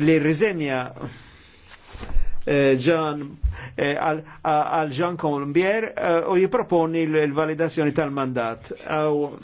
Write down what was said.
li rizenja ġan eh, għal eh, ġan Kolumbier eh, u jiproponi l-validazzjoni tal-mandat. Aw